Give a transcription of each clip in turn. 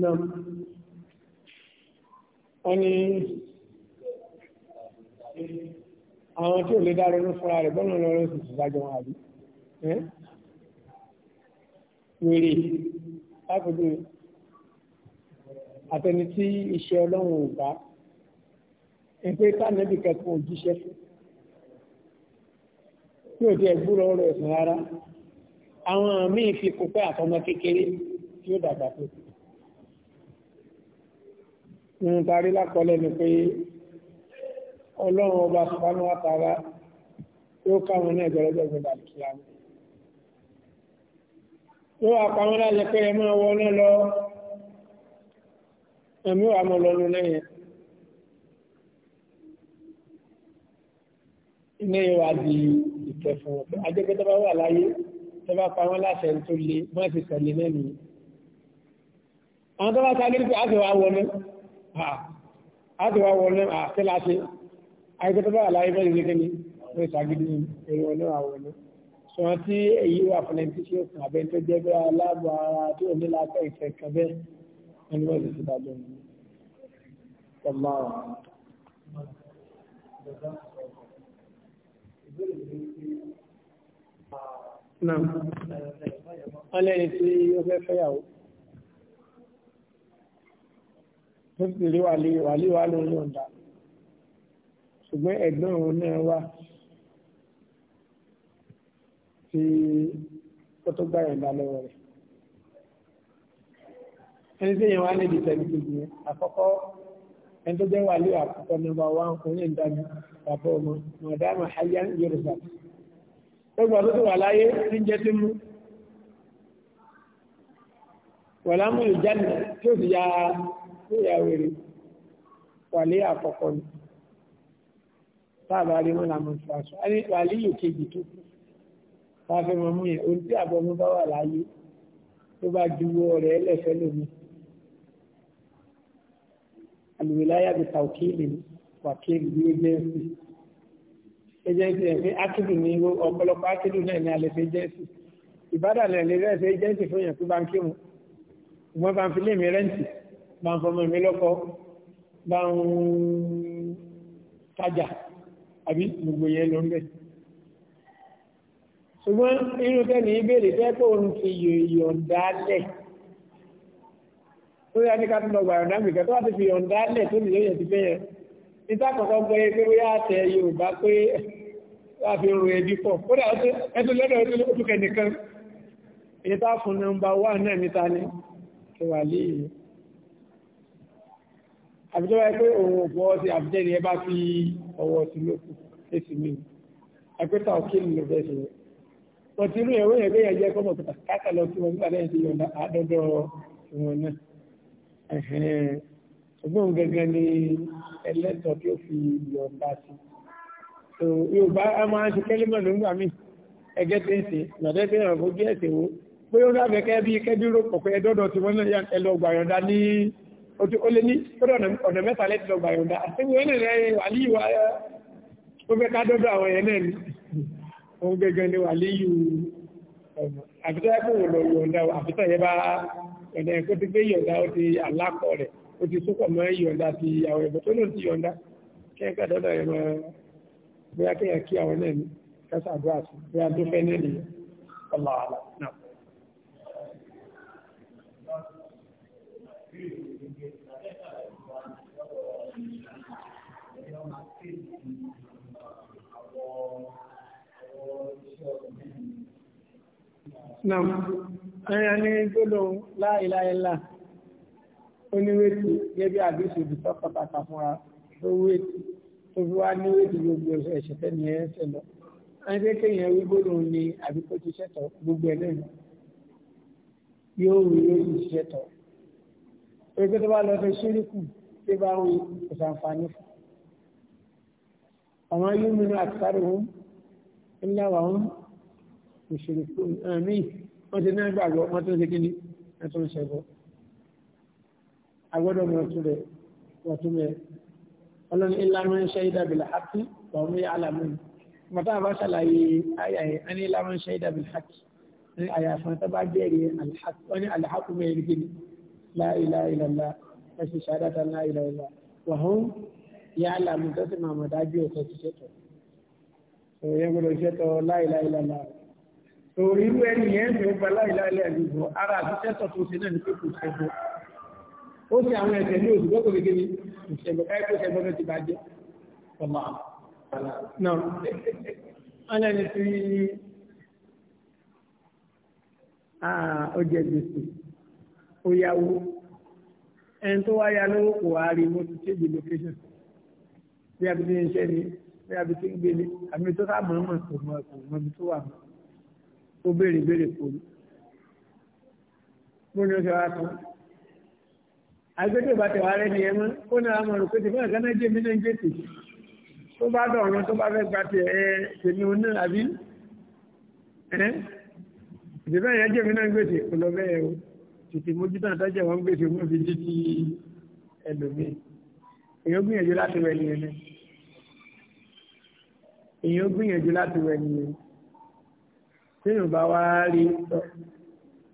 náà wọ́n ní àwọn tí ò lè dá ronú fúnra rẹ̀ bọ́nà lọ́rọ̀ sì ti dájọ́ wọn àbí wèrè lápòjú àtẹni tí iṣẹ́ ọlọ́run ò bá ń pé kánẹ́bì kẹ́kọ̀ọ́ òjíṣẹ́ fún tí ò tiẹ̀ gbúrò ọ̀rọ̀ ẹ̀sìn rárá àwọn míì fi kópẹ́ àtọmọ kékeré tí ó dàgbà tó kù ń tarí lákọọ́lẹ̀ ni pé ọlọ́run ọba sùpánú àtàrà yóò káwọn ní ẹ̀jọ̀ lọ́jọ́ ìgbìmọ̀ àkíyà mi. yóò àpamọ́ láti pé ẹ máa wọ náà lọ ẹ̀mí wàá mọ̀ lọ́nu lẹ́yìn. iná yẹn wá di ìtẹ̀ fún wọn pé ajẹ́pẹ́ tó bá wà láyé tó bá pa wọ́n láṣẹ tó le wọ́n ti tẹ̀lé náà nìyí. àwọn tó bá ta lórí pé a ti wá wọlé àtìwá wọlé àtìláṣe àìkẹtọ́bà aláìfẹ́ ìrẹ́kẹ́ ni ó ìṣàgídí èrò ọlọ́wà wọlé sọ wọn tí èyí wà fún ẹni tí ṣe òkun àbẹ́ tó jẹ́ bí aláàbò ara tí ò ní lápẹ́ ìfẹ́ kan bẹ́ẹ̀ ẹni wọ́n sì ti dájọ́ ni tó sì rí wàlí wàlí wà ló yọ̀ǹda ṣùgbọ́n ẹ̀gbọ́n òun náà wà tí ó tó gbá yọ̀ǹda lọ́wọ́ rẹ̀ ẹni tí èèyàn wá níbi tẹ̀lifíjì yẹn àkọ́kọ́ ẹni tó jẹ́ wàlí àkọ́kọ́ nọ́mbà wá òun yẹn dání bàbá ọmọ mọ̀dáàmù ayá yorùbá ó gbọ́ tó wà láyé ń jẹ́ tí mú wàlámù ìjánà tí ó sì ya níyàwó rẹ̀ wàlé àkọ́kọ́ ni táàbà rí wọn làmọ́ tó aṣọ ẹni wàlé yìí kejì tó kù láàfẹ́ mọ́ mú yẹn ohun tí àbọ̀mú bá wà láyé tó bá juwọ́ rẹ̀ ẹlẹ́fẹ́ lómi àlùwìláyà bí tàùkìlì wàkìlì bí ó jẹ́ sí agency ẹ̀ pé ákìlù ní ọ̀pọ̀lọpọ̀ ákìlù náà ní alẹ́ fi agency ìbádàn ẹ̀ lè rẹ́ fún yẹn tó bá ń kírun ìwọ́n bá ń fi lé mi rẹ́ǹtì bá ń fọmọ mi lọ́kọ́ bá ń tajà àbí gbogbo yẹn lọ bẹ́ẹ̀. ṣùgbọ́n inú tẹ́ni ìbéèrè fẹ́ kó ń fi yọ̀ǹda lẹ̀ tó yá ní káàtó lọ́gbà yọ̀ǹda mi kẹ́tọ́ láti fi yọ̀ǹda lẹ̀ tó nìyẹn yẹn ti fẹ́ yẹn. níta kọ̀ọ̀kan gbọ́ yẹ pé bóyá àtẹ Yorùbá pé láàfin ro ẹbí pọ̀ kódà ẹtú lọ́dọ̀ ẹtú kẹ́ nìkan èyí tá fún nọ́mbà wà náà níta ni kẹwàá léyìí àbí tó bá yẹ pé òun ò fọwọ́ sí àbújá ni ẹ bá fi ọwọ́ sí lókù èsì mi àpẹta òkè nínú bẹ́ẹ̀ ṣe yẹ wọ́n ti rú ìwé yẹn pé yẹn jẹ́ kọ́mọ̀ pẹ̀tà káàkà lọ sí wọn nígbà lẹ́yìn tí yọ̀ǹda àádọ́dọ́ wọn náà ṣùgbọ́n gẹ́gẹ́ ni ẹlẹ́tọ̀ tí ó fi yọ̀ǹda sí so Yorùbá a máa ń ṣe kẹ́límọ̀ nígbà míì ẹgẹ́ tí ń ṣe nàdẹ́gbẹ́ ìrànfọ́jú ẹ̀sìn wo pé ó dábẹ́ kẹ́ bí kẹ́dúró pọ̀ pé ẹdọ́dọ̀ tí wọ́n náà ẹ lọ gbàyọ̀ǹda ní ojú ó lé ní ọ̀nà mẹ́ta lẹ́tì lọ gbàyọ̀dá àtẹ́wọ̀n ẹ̀nà rẹ̀ wàlíyù ayá ó fẹ́ ká dọ́dọ̀ àwọn ẹ̀yẹ náà ní òun gẹ́gẹ́ ní wàlíyù àfitọ́ ẹ̀kọ́ wò lọ yọ̀ǹda àfitọ́ yẹ bá ọ̀nà ẹ̀kọ́ ti gbé yọ̀ǹda ó ti alákọ̀ rẹ̀ ó ti súnkọ̀ mọ́ yọ̀ǹda ti àwọn ẹ̀bọ̀ tó lóun ti yọ̀ǹda kẹ́ẹ̀ká dọ́dọ̀ yẹ mọ́ bóyá kẹ́yà kí àwọn náà ní kásàdúrà sí bóyá tó fẹ́ náà nìyẹn ọlọ́ àlà náà Nam, ẹ̀yà ní gbọ́dọ̀ láìláìlá, ó ní wéètì gẹ́gẹ́ àdúṣe ìbùsọ́ pàtàkì fúnra tó wéètì tó fi wá ní wéètì gbogbo ẹ̀ṣẹ̀ tẹ́ni ẹ̀ ń sẹ̀lọ. Ẹni pé kéèyàn wí gbọ́dọ̀ ní àbíkó ti ṣẹ̀tọ̀ gbogbo ẹ̀ lẹ́nu. Yóò wí yóò ti ṣẹ̀tọ̀. Ẹgbẹ́ tó bá lọ fẹ́ ṣíríkù ọmọ yóò mú àtàrí wọn ńlá wà wọn ìṣèlú àmì wọn ti náà gbàgbọ́ wọn tó ń ṣe kíni wọn tó ń ṣẹbọ agbọ́dọ̀ mọ ọtún rẹ ọtún rẹ ọlọ́ni ìlànà iṣẹ́ ìdàbìlà àti ọmọ yà àlàmù mọ̀tá àbá ṣàlàyé àyà yẹn ẹni ìlànà iṣẹ́ ìdàbìlà àti ní àyàfà tó bá bẹ̀rẹ̀ wani alhaku mai rigini la ilaha illallah ẹ̀sìn ṣàdátà la Ya mo tó sì máa mọ̀ dájú ẹ̀kọ́ ti ṣètò òye gbọdọ̀ ṣètò láìláìlàlà torí irú ẹni yẹn tó gba láìláìlà ìdìbò ara àti ṣètò tó ṣe náà ní pé kò ṣẹ́gbọ́ ó ṣe àwọn ẹ̀ṣẹ̀ ní òṣùgbọ́ kò gẹ́gẹ́ ní kò ṣẹ́gbọ́ káyọ̀ kò ṣẹ́gbọ́ ló ti bàjẹ́ ọmọ náà wọ́n lẹ́ni tí ó jẹ gbèsè ó yáwó ẹni tó wáyá lówó kò wá rí mo ti ṣe the location bí abi ti ń ṣe ni bí abi ti ń gbélé àmì tó ká mọ̀ọ́mọ̀ kò mọ̀ kò mọ̀ ibi tó wà mọ̀ tó béèrè béèrè kò ní. ní o ṣe wá tó agbẹ́jọ́ bá tẹ̀wá rẹ̀ ni ẹ mọ́ ó ní àwọn ọ̀rọ̀ pé tèmi àgbà náà jẹ́ mi náà ń jẹ́ tèmi tó bá dọ̀rùn tó bá fẹ́ gba tẹ̀ ẹ tèmi òun náà àbí ẹ́ ìdìbò ẹ̀yà jẹ́ mi náà ń gbèsè kò lọ bẹ́ẹ̀ o tètè mójútó àtàjẹ́ wọn gbèsè wọn fi jí ti ẹlòmíì èyàn gbìyànjú láti wẹ̀ nìyẹn ni èyàn gbìyànjú láti wẹ̀ nìyẹn téèyàn bá wá rí sọ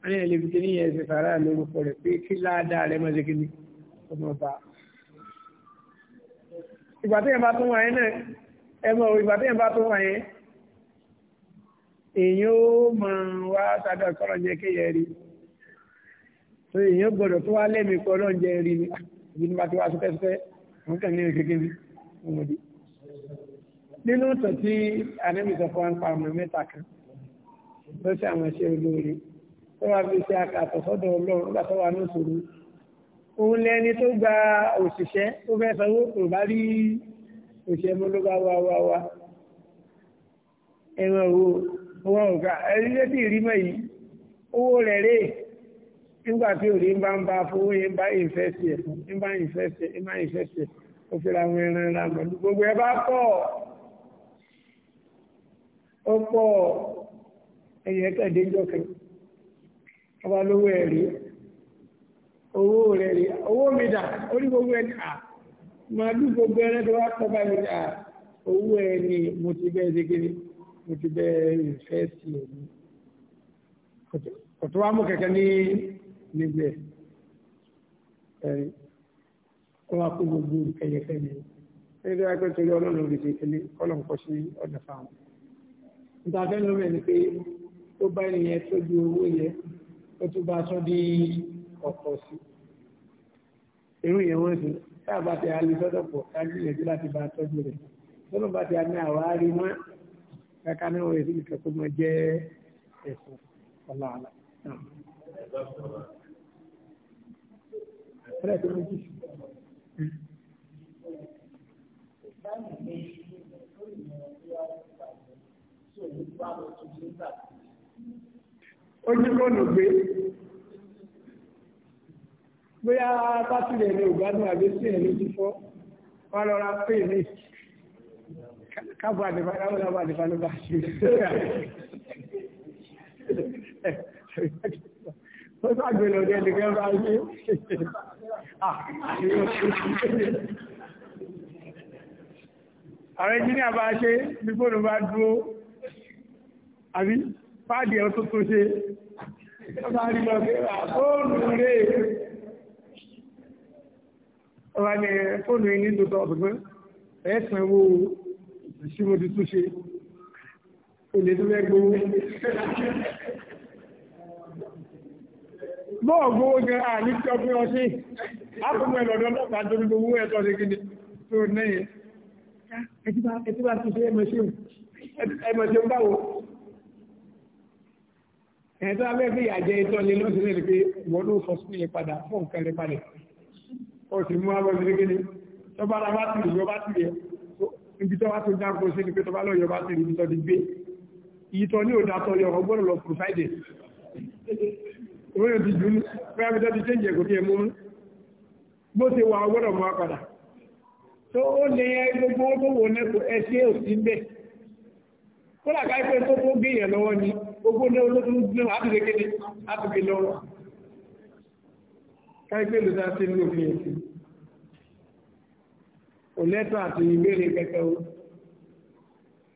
wọn yẹn lè fi kíní yẹn ṣe fàárà lórúkọ rẹ pé kí ládàá rẹ máa ṣe kíní ọmọ ọba ìgbà téèyàn bá tún wáyé náà ẹ mọ ìgbà téèyàn bá tún wáyé èyàn ó máa wá sádà kọ́rọ̀ jẹ́ kéèyàn rí so èyàn gbọ́dọ̀ tó wá lẹ́mìí kọ́rọ̀ jẹ́ rí ni ìbí bá ti wá sọ́kẹ́sọ́kẹ́ wọ́n kàn ní ìrìnkè ní ọmọdé nínú ìtàn tí anẹ́mìsọ fún àǹpa ọmọ mẹ́ta kan ló ṣe àwọn iṣẹ́ olóore tó wá fi ṣe àkàtọ̀ sọ́dọ̀ ọlọ́run nígbà tó wà ní òṣòro òun lẹni tó gba òṣìṣẹ́ tó fẹ́ sanwó kò bá rí òṣìṣẹ́ mú ló bá wá wá wá ẹ̀wọ̀n wo wọn ò gbà ẹ̀rí létí ìrímọ̀ yìí owó rẹ̀ rèé nígbà tí òde ń bá ń bá fowó yẹn bá ìfẹ́sì ẹ̀ ń bá ìfẹ́sì ẹ̀ ń bá ìfẹ́sì ẹ̀ ó fi ra àwọn ẹran ra mọ̀lú gbogbo ẹ bá pọ̀ ó pọ̀ ẹ̀yẹ kẹ̀dé jọ̀kẹ́ ọba lówó ẹ̀ rí owó rẹ̀ rí owó mi dà ó ní gbogbo ẹ̀ ní à màálù gbogbo ẹ̀rẹ́ tó wá pọ̀ báyìí ní à owó ẹ̀ ní mo ti bẹ́ẹ̀ ṣe mo ti bẹ́ẹ̀ ìfẹ́sì ẹ̀ ní kòtò wá mú kẹ̀kẹ́ ní níbẹ̀ ẹ̀rí kó wá kó gbogbo kẹyẹkẹ ni ẹni tó wá pẹ́ torí ọlọ́run lè ṣe kele kọ́lọ̀ ń kọ́ sí ọ̀dà fáwọn. níta fẹ́ ló mẹ́ ni pé tó bá ènìyàn tọ́jú owó yẹ ó tún bá sọ di ọ̀pọ̀ sí irú yẹn wọ́n ti tá a bá ti alẹ́ sọ́dọ̀ pọ̀ ká gbìyànjú láti bá tọ́jú rẹ̀ sọ́dọ̀ bá ti alẹ́ àwárí mọ́ kaka náà wọ́n yẹ sí ìkẹ́kọ̀ọ́ mọ́ jẹ́ ẹ̀sùn ọ̀la àlà ẹlẹ́ẹ̀kẹ́ méjì. ó jí fóònù gbé bóyá bátìrì ẹni ògbádùn àbẹ́sí ẹni ti fọ́ wọ́n lọ ra pé ní kábọ̀ àdìbà láwọn lábọ̀ àdìbà ló bá ṣe ó sàgbélò ní ẹnìkan bá ṣe ààrẹ jíníà bá ṣe bí fóònù bá dúró àbí fáàdì ẹ̀ tó tó ṣe ọba ní lọ pé fóònù rẹ̀ ọba ní fóònù yìí nílò tó ọ̀dùnkún ẹ̀ẹ́sìn owó ìṣúmọ̀ tuntun ṣe olè tó fẹ́ gbowó bọ́ọ̀ gbówó gan àní tí ọkùnrin ọtí ápùpù ẹ̀lọ́dọ́ ọlọ́pàá torí gbogbo ẹ̀tọ́ sí kí ni tó nẹ́yìn ẹtí bá ti ṣe ẹmọ̀ṣẹ́ ń báwo ẹ̀tọ́ abẹ́ fi àjẹ ìtọ́ lé lọ́sílẹ̀ rẹ̀ pé wọ́n ló fọ́ sílẹ̀ padà fún nǹkan rẹ̀ padà ó sì mú abọ́ sí kí ni tó bá ra bá ti yọ bá ti yẹ ibi tó wá tó dáko sí ni pé tó bá lọ yọ bá ti rí ibi tó ti gbé ìtọ́ ní òdàtọ̀ yọ òun ti jù ní pẹ́lú ti ṣe ìjẹ̀kù ní ẹmú bó ti wà ọgbọ́dọ̀ mọ́ o tó ó lè gbogbo tó wò nẹ́kọ̀ ẹṣẹ́ òsì bẹ́ tó tó gbé lọ́wọ́ ni gbogbo ní olóòtú ní lọ́wọ́ ló dá sí òfin ẹ̀sìn kò lẹ́tọ̀ àti ìbéèrè kẹkẹ o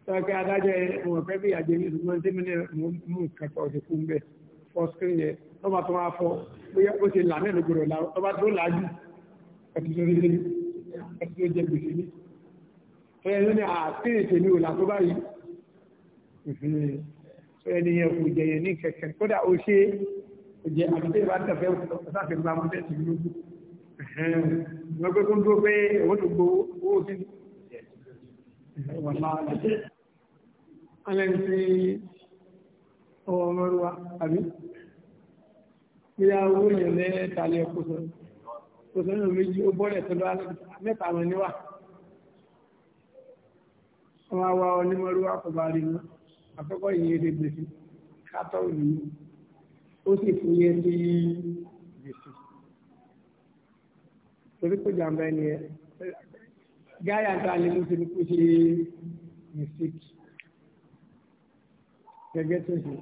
sọ pé adájọ́ ẹ̀ wọ̀n fẹ́ bí àjẹmí ìṣùgbọ́n tí fọ screen yẹn wọ́n máa tó máa fọ bóyá ó ti là mẹ́rin gbòòrò la wọ́n bá tó làájú ẹ̀tí tó rí ẹ̀tí tó jẹ gbèsè ní. ẹ̀yẹ ló ní àtẹ́yẹ tèmi ò là tó báyìí ẹni yẹn kò jẹ yẹn ní kẹ̀kẹ́ kódà ó ṣe kò jẹ àtẹ́yẹ bá tẹ̀fẹ́ sáfẹ́ bá mú tẹ̀sí lójú. wọ́n pẹ́ kó ń dúró pé owó tó gbowó owó kí ni. wọ́n máa ń ṣe. alẹ́ ń ti ọmọ ọmọ wa àbí bóyá owó yẹn mẹ́ta lẹ kó sọ kó sọ nínú méjì ó bọ́lẹ̀ tó lọ́wọ́ mẹ́ta wọn níwà wọn á wá onímọ̀rú àkọ́bá rí mú àkọ́kọ́ ìyẹn lè gbèsè kátó nìyí ó sì fún yẹn sí gbèsè torí kó jàǹbá ẹni ẹ gáyà tá a lè mú sí ni kó ṣe mistake gẹ́gẹ́ tó ṣe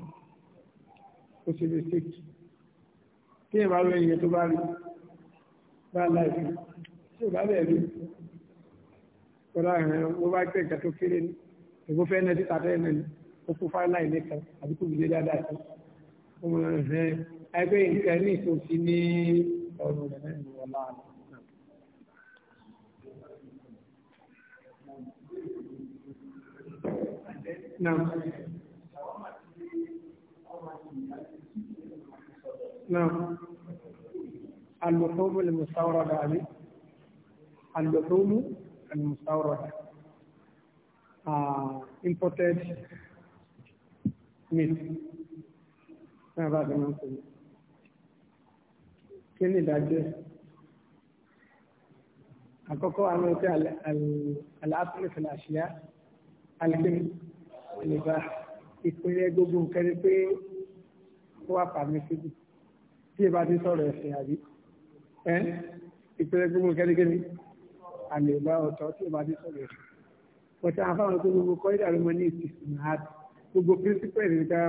kó ṣe mistake tí ìbá rẹ̀ iye tó bá rí bá láìsí tí ò bá bẹ̀ rí kọ́lá ẹ̀rẹ̀ ó bá pẹ́ ìjà tó kéré ní ìbó fẹ́ nẹ́tí tàbí ẹ̀nà ní ó kú fáìlà ilé kan àbí kò gbìdé dáadáa sí ọmọ ẹ̀rẹ̀ ẹgbẹ́ ìṣẹ́ ní ìṣòsí ní ọ̀rùn rẹ̀ náà ìwọ̀n نعم اللحوم المستوردة عليه اللحوم المستوردة uh, imported meat náà bá ti máa ń pè é kí ni ìdájọ́ àkọ́kọ́ àwọn ọ̀tẹ́ aláàpẹ̀lẹ̀fẹ̀lẹ̀ àṣìyá alẹ́gbẹ̀mí ìlẹ̀bá ìpínlẹ̀ gbogbo nǹkan ni pé ó wà pàmí síbi tí ẹ bá ti sọ̀rọ̀ ẹ̀sìn àbí ẹ ìpínlẹ̀ gbogbo kẹ́nikẹ́ni àmì ìgbà ọ̀tọ̀ tí ẹ bá ti sọ̀rọ̀ ẹ̀sìn pọ̀tà àfáwọn tó gbogbo kọ́ ìdàrúmọ ní ìsìn àti gbogbo pírísípẹ̀ nìkan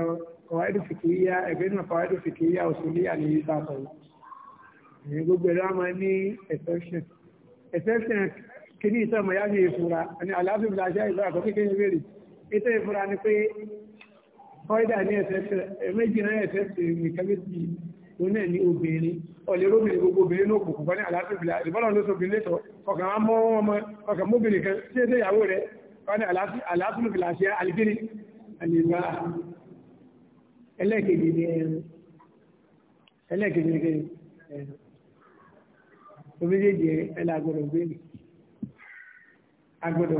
kọ̀wáìdù fìkìyà ẹgbẹ́ náà kọ̀wáìdù fìkìyà òṣèlú àní ìgbà sọ̀rọ̀ ẹ̀yìn gbogbo ẹ̀rọ máa ní exception exception kìíní ìsọ̀mọ̀ yá ní ìfura ní aláàfin bí aṣá ìlú àkọ́kọ́ kékeré béèrè ètò ìfura ni pé kọ́ìdà ní exception méjì náà exception nìkan méjì òun náà ní obìnrin ọ̀lẹ́ obìnrin gbogbo obìnrin ló kùkù kan ní àlàáfíìbìlà ìbọ́lọ̀ ló sóbin lẹ́tọ̀ ọkàn á mọ́ ọmọ ọkàn mọ́bìnrin kan sí ẹ̀sẹ̀ ìyàwó rẹ̀ kan ní àlàáfíìbìlà ṣe àlìbírí àlìbá ẹlẹ́ẹ̀kejì ní ẹ̀rùn ẹlẹ́ẹ̀kejì ní ẹ̀rùn orílẹ̀-èdè ẹlẹ́ agbọ́dọ̀ gbé mi agbọ́dọ̀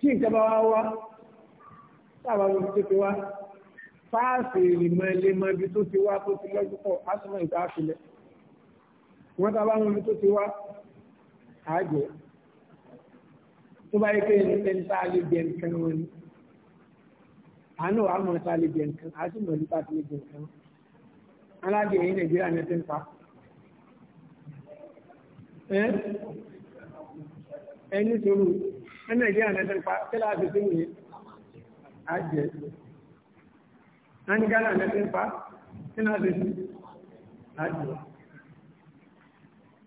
tí nǹkan bá wá wá táwa ló ti ti wá fáàsì ìrìnmọ̀ ilé mọ ibi tó ti wá tó ti lọ́jọ́ pọ̀ asọ́mọ̀ ìta àfilẹ̀ wọ́n tá a bá mọ ibi tó ti wá àjẹ́ tó bá yẹ kéèyàn ní ẹni tá a lè jẹ nǹkan wọn ni àánú àá mọ̀ tá a lè jẹ nǹkan nípa tí lè jẹ nǹkan alájẹ yìí nàìjíríà ní ẹsẹ̀ ń pa ẹni sọ̀rọ̀ ní nàìjíríà nẹ́tẹ́ pa kí láti sí ní àjẹ́ náà ní ghana nẹ́tẹ́ pa kí láti sí àjẹ́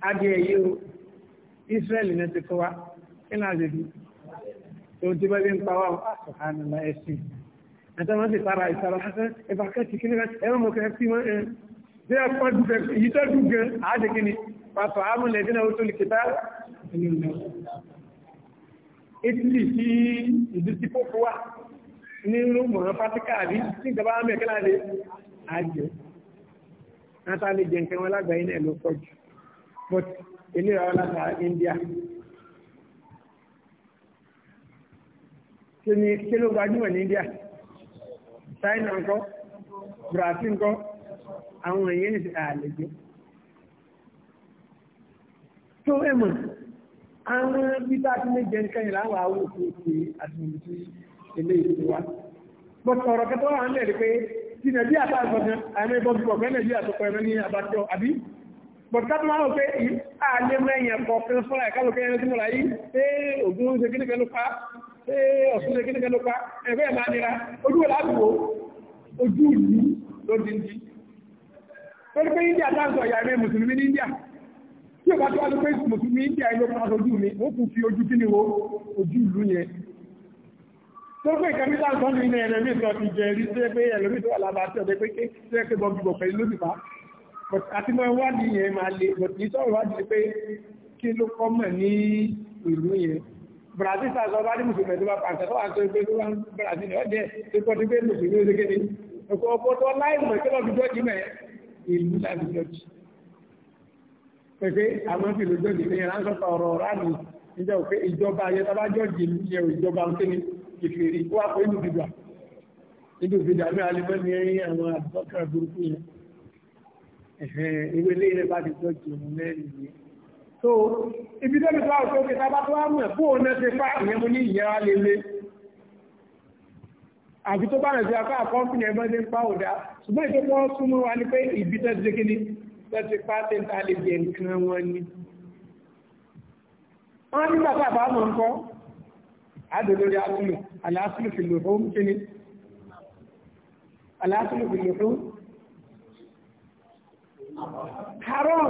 adìẹ yìí o israel nẹ́tẹ́ kọ́ wa kí láti sí tó ti bá bí ń pa wá àṣọ̀hánilá ah, ẹ̀sìn ẹ̀tọ́ wọ́n sì para ìsara ṣẹ́ṣẹ́ ìbákẹ́tì kí ní ẹ̀rọ mọ̀ kẹ́ sí mọ́ ẹ̀ bí ẹ pọ́ dùgbẹ́ yìí tó dùgbẹ́ àádé kí ni pàtó àmúlẹ̀ dínà ó tó lè kìtà ẹ̀yìn náà Italy sí ìlú tí kókó wà ní rúmọ̀ pátíkà rí sí ìjọba amẹ́kẹ́lá lè àjẹ́ látàlè jẹ nǹkan wọn lágbàáyé náà ló pọ̀ jù but eléyà wọn láta India kí ni kí ló gbajúmọ̀ ní India China ńkọ́ Brazil ńkọ́ àwọn èèyàn ní àlejò tó ẹ̀ mọ̀ àwọn bí tá a ti lè jẹ nǹkan yìí láwọn àwọn òkú òkú àti ìlú tí ilé ìlú wa. bó sọ̀rọ̀ kẹtọ́ wà ń lẹ̀rí pé ti nàìjíríà tá a sọ gan àmì ìbọn bí bọ̀gbẹ́ nàìjíríà tó kọ ẹ̀rọ ní abájọ àbí. bọ̀dé ká tó máa ń pé àlẹ́ mẹ́yìn ẹ̀kọ́ fún fúnra ẹ̀ká lókè ẹni tí mo rà yìí india táǹkọ̀ ìyá ẹ̀mẹ́ india tí o bá tó wá ló pé mùsùlùmí india ló pa ojú mi ó kù fi ojú kí ni wo ojú ìlú yẹn tó pé kẹmíkà ń sọ́nù ilé ẹ̀rọ mìíràn ti jẹ rí tó pé ẹ̀rọ mìíràn wà lábàá tí ọ̀dẹ́ pé ké tó yẹ pé bọ́ gbogbo pẹ̀lú ló sì bá àti mọ ìwádìí yẹn máa le bọ̀ kì í sọ̀rọ̀ ìwádìí pé kí ló kọ́ mọ̀ ní ìlú yẹn Brazil ta sọ bá ní mùsùlùmí tó bá pàṣẹ tó wà tó pé tó wà ń Brazil ọ̀dẹ́ tó kọ́ ti pé mùsùlùmí ó ṣe kéde ọkọ̀ ọkọ̀ tó láì mọ̀ kí fi jọ́ọ̀jì ìlú láì fi jọ́ọ̀jì pèsè àwọn fìlú jọ́jì pé yẹn sọ́tọ̀ ọ̀rọ̀ rádì níjẹ́ òfin ìjọba ayẹ tọ́bá jọ́jì yẹ ìjọba òkèlè ìfèrí wà pé inú fìdà inú fìdà ní alẹ́mọ́ ní ẹ̀yìn àwọn àdúgbò burúkú yẹn ìwé ilé rẹ̀ bá ti jọ́jì mẹ́rin yẹn so ibi tó ti tó àwọn òkè tábà tó wà mọ̀ bó o náà ti fa ìyẹn mo ní ìyẹn á lélẹ̀ àfi tó bá rẹ̀ sí akọ́ àkọ́ńtì yẹn bá ti ń pa òdà ṣùgbọ́n ìtọ́jú wọn súnmọ́ wa ni pé ìbí tẹ́sí lọ́sí pàṣẹ ta lè jẹ nǹkan wọn ni. wọ́n ní bàbá àbá mọ̀ nǹkan adòlórí asúlù aláṣúlù fìlò fún kíni aláṣúlù fìlò fún haram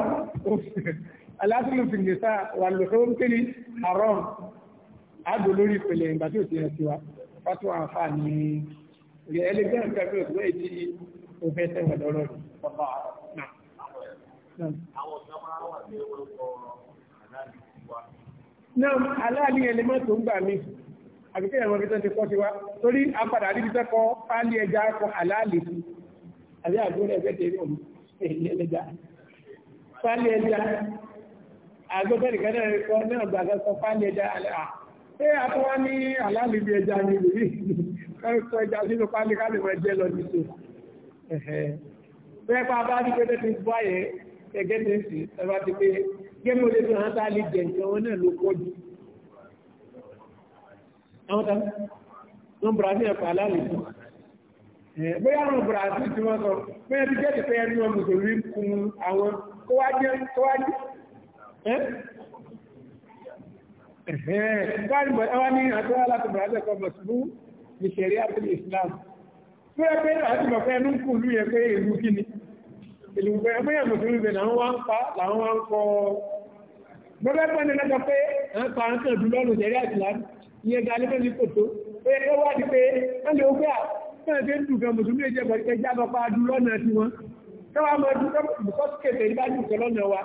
aláṣúlù fìlò sáà wà lò fún kíni haram adòlórí ìpìlẹ̀ ìgbà tí ò ti yẹ sí wa fatu àǹfààní rẹ̀ ẹlẹgbẹ́ nǹkan bí òṣùwẹ̀ tí ó fẹ́ sẹ́wọ̀n lọ́rọ̀ rẹ̀ Àwọn ọ̀sán máa wà ní orúkọ àdáàlì wa. Náà, aláàlì ẹni mọ́ tó ń gbà mí. Àbíkẹ́ ìrànwọ́ fi tán ti kọ́ sí wa. Torí apàdà àdíbi tẹ́kọ́ pálí ẹja kọ aláàlì sí. Àbí àdúró ẹgbẹ́ tẹ̀lé òun èyí ẹlẹ́ja. Pálí ẹja. Àgbẹ̀tẹ̀ nìkan náà kọ́ náà gbàgbẹ́ kọ pálí ẹja alẹ́ à. Ṣé àtọ́wá ní aláàlì bí ẹja ni lèmi? Kọ́ ẹja sínú pálí ká ẹgẹ́ tí ń sì ẹba ti pé gẹ́mọ̀ lè fi hàn tá lè jẹ nǹkan wọn náà ló pọ̀ jù àwọn tán wọn Brazil ẹ̀fà aláàlẹ̀ jù bóyá àwọn Brazil tí wọ́n sọ bóyá ti jẹ́ẹ̀tì pé ẹni wọn mùsùlùmí kun àwọn tó wá jẹ́ tó wá jẹ́ ẹ̀hẹ́n báyìí bọ̀ ẹwà ní àtọ́wà láti Brazil kọ́ mùsùlùmí ní sẹ̀rí àti Islam. Fúrẹ́ pé àti ìlúgbẹ́ ẹgbẹ́yàn mùsùlùmí bẹ̀ náà wá ń pa láwọn wá ń kọ́ gbọ́gbẹ́ pẹ́ ní lọ́gbà pé ń pa ń kàn dúlọ́ lò jẹ́rí àti láti iye ga ní pẹ́lú kòtó pé ó wá di pé ń lè ókè àwọn ẹgbẹ́ ń dùgbẹ́ mùsùlùmí jẹ́ bọ̀dẹ́ jábọ̀ pa dúlọ́ náà ti wọn káwàá máa dúkọ́ bùkọ́sìkètè ní bá dùkọ́ lọ́nà wa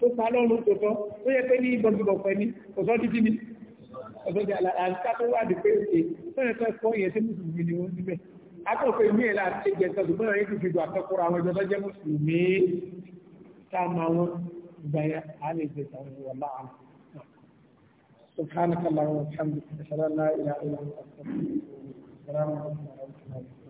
tó pa lọ́rùn tó tọ́ ó yẹ pé ní bọ̀gbọ̀pẹ́ ní ọ̀sọ́ títí ni ọ̀sọ́ akọ̀fẹ́ mí ẹ̀ láti gbẹ̀tọ̀ ṣùgbọ́n ẹ̀yìn tó fi gbà tọ́kọ́ra àwọn ìjọba jẹ́ mùsùlùmí tá a máa wọn gbà yá a lè gbẹ̀tọ̀ àwọn ìwà máa